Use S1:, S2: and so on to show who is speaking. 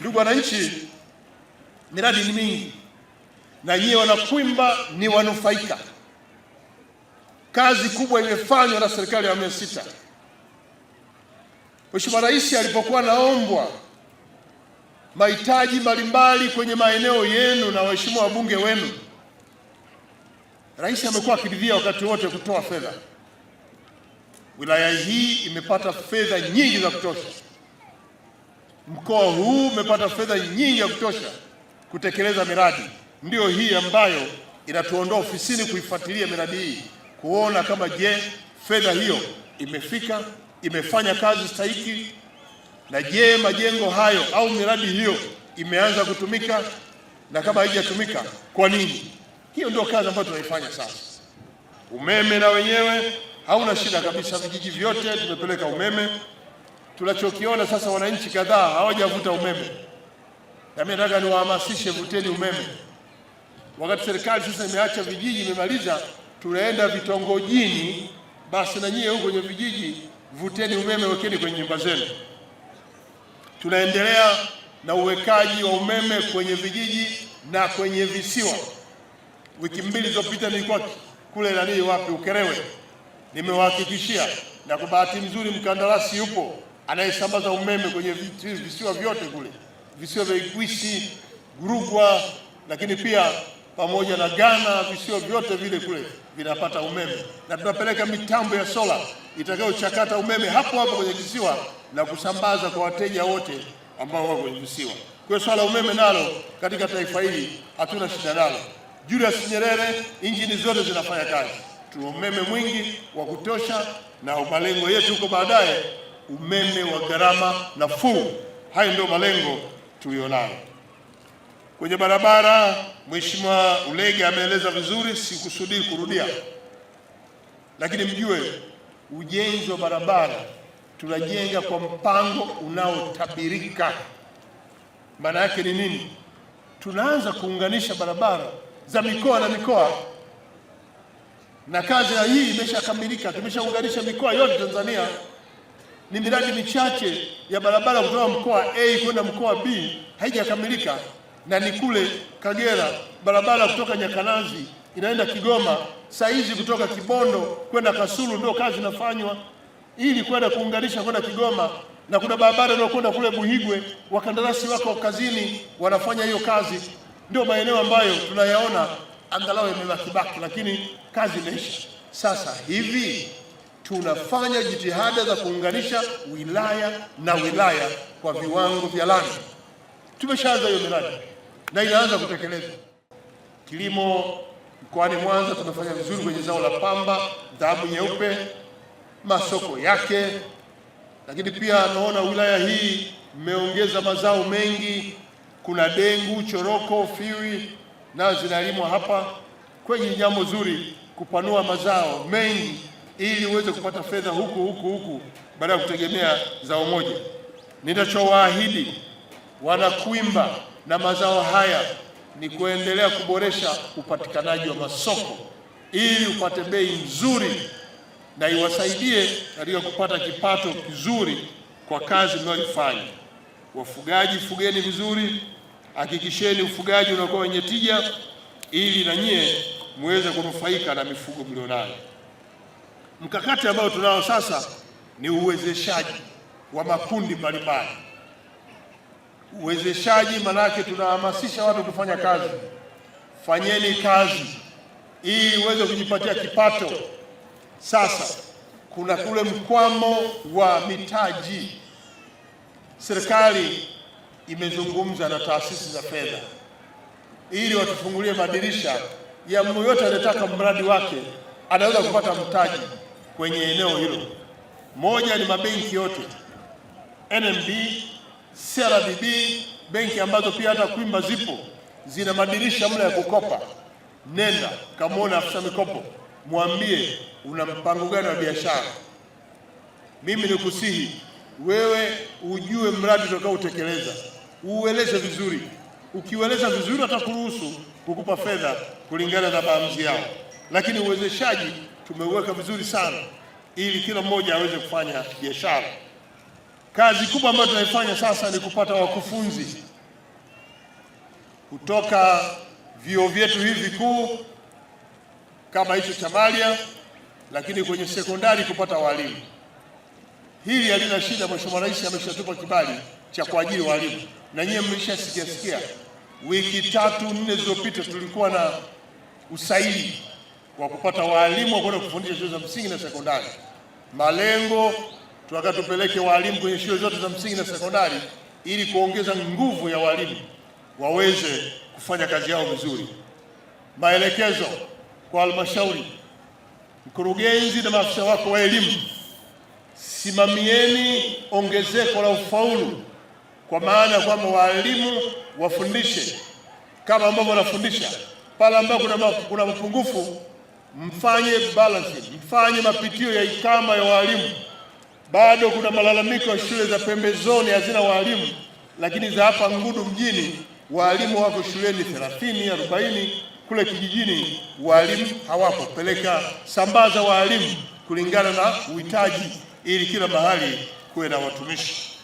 S1: Ndugu wananchi, miradi ni mingi na nyie wanakwimba ni wanufaika. Kazi kubwa imefanywa na serikali ya awamu sita. Mheshimiwa Rais alipokuwa naombwa mahitaji mbalimbali kwenye maeneo yenu na waheshimiwa wabunge wenu, Rais amekuwa akiridhia wakati wote kutoa fedha. Wilaya hii imepata fedha nyingi za kutosha. Mkoa huu umepata fedha nyingi ya kutosha kutekeleza miradi, ndiyo hii ambayo inatuondoa ofisini kuifuatilia miradi hii, kuona kama je, fedha hiyo imefika, imefanya kazi stahiki, na je, majengo hayo au miradi hiyo imeanza kutumika, na kama haijatumika kwa nini? Hiyo ndio kazi ambayo tunaifanya sasa. Umeme na wenyewe hauna shida kabisa, vijiji vyote tumepeleka umeme tunachokiona sasa, wananchi kadhaa hawajavuta umeme, nami nataka niwahamasishe, vuteni umeme. Wakati serikali sasa imeacha vijiji, imemaliza, tunaenda vitongojini, basi na nyie huko kwenye vijiji vuteni umeme, wekeni kwenye nyumba zenu. Tunaendelea na uwekaji wa umeme kwenye vijiji na kwenye visiwa. Wiki mbili zilizopita nilikuwa kule nanii wapi Ukerewe, nimewahakikishia na kwa bahati nzuri mkandarasi yupo anayesambaza umeme kwenye visiwa vyote kule, visiwa vya Ikwisi, Gurugwa, lakini pia pamoja na Ghana, visiwa vyote vile kule vinapata umeme, na tunapeleka mitambo ya sola itakayochakata umeme hapo hapo kwenye kisiwa na kusambaza kwa wateja wote ambao wako kwenye visiwa. Kwa hiyo swala umeme nalo katika taifa hili hatuna shida nalo. Julius Nyerere, injini zote zinafanya kazi, tuna umeme mwingi wa kutosha, na malengo yetu huko baadaye umeme wa gharama nafuu. Hayo ndio malengo tuliyonayo kwenye barabara. Mheshimiwa Ulege ameeleza vizuri, sikusudii kurudia, lakini mjue ujenzi wa barabara tunajenga kwa mpango unaotabirika. Maana yake ni nini? Tunaanza kuunganisha barabara za mikoa na mikoa, na kazi ya hii imeshakamilika, tumeshaunganisha mikoa yote Tanzania ni miradi michache ya barabara kutoka mkoa A kwenda mkoa B haijakamilika, na ni kule Kagera, barabara kutoka Nyakanazi inaenda Kigoma, saizi kutoka Kibondo kwenda Kasulu ndio kazi inafanywa ili kwenda kuunganisha kwenda Kigoma, na kuna barabara inayokwenda kule Buhigwe, wakandarasi wako kazini, wanafanya hiyo kazi. Ndio maeneo ambayo tunayaona angalau baki lakini kazi imeisha sasa hivi tunafanya jitihada za kuunganisha wilaya na wilaya kwa viwango vya lami. Tumeshaanza hiyo miradi na inaanza kutekelezwa. Kilimo mkoani Mwanza tumefanya vizuri kwenye zao la pamba, dhahabu nyeupe, masoko yake, lakini pia naona wilaya hii mmeongeza mazao mengi. Kuna dengu, choroko, fiwi nayo zinalimwa hapa kwenye jambo zuri, kupanua mazao mengi ili uweze kupata fedha huku huku huku baada ya kutegemea zao moja. Ninachowaahidi Wanakwimba na mazao haya ni kuendelea kuboresha upatikanaji wa masoko ili upate bei nzuri na iwasaidie katika kupata kipato kizuri kwa kazi mnayoifanya. Wafugaji, fugeni vizuri, hakikisheni ufugaji unakuwa wenye tija ili na nyie muweze kunufaika na mifugo mlionayo. Mkakati ambao tunao sasa ni uwezeshaji wa makundi mbalimbali. Uwezeshaji maanake tunahamasisha watu kufanya kazi. Fanyeni kazi ili uweze kujipatia kipato. Sasa kuna kule mkwamo wa mitaji. Serikali imezungumza na taasisi za fedha ili watufungulie madirisha ya mtu yote anayetaka mradi wake anaweza kupata mtaji kwenye eneo hilo. Moja ni mabenki yote NMB, CRDB, benki ambazo pia hata Kwimba zipo zina madirisha mle ya kukopa. Nenda kamwona afisa mikopo, mwambie una mpango gani wa biashara. Mimi nikusihi wewe ujue mradi utakao utekeleza, uueleze vizuri. Ukiueleza vizuri, atakuruhusu kukupa fedha kulingana na maamuzi yao, lakini uwezeshaji tumeweka vizuri sana ili kila mmoja aweze kufanya biashara. Kazi kubwa ambayo tunaifanya sasa ni kupata wakufunzi kutoka vyuo vyetu hivi vikuu kama hicho cha Malia, lakini kwenye sekondari kupata walimu. Hili halina shida, Mheshimiwa Rais ameshatupa kibali cha kuajiri walimu, na nyiye mmeshasikiasikia, wiki tatu nne zilizopita tulikuwa na usaili kwa kupata walimu wa kwenda kufundisha shule za msingi na sekondari. Malengo tunataka tupeleke walimu kwenye shule zote za msingi na sekondari ili kuongeza nguvu ya walimu waweze kufanya kazi yao vizuri. Maelekezo kwa halmashauri, mkurugenzi na maafisa wako wa elimu, simamieni ongezeko la ufaulu, kwa maana ya kwamba walimu wafundishe kama ambavyo wanafundisha. Pale ambapo kuna mapungufu mfanye balancing, mfanye mapitio ya ikama ya walimu. Bado kuna malalamiko ya shule za pembezoni hazina walimu, lakini za hapa Ngudu mjini walimu wako shuleni 30 40, kule kijijini walimu hawapo. Peleka, sambaza walimu kulingana na uhitaji, ili kila mahali kuwe na watumishi.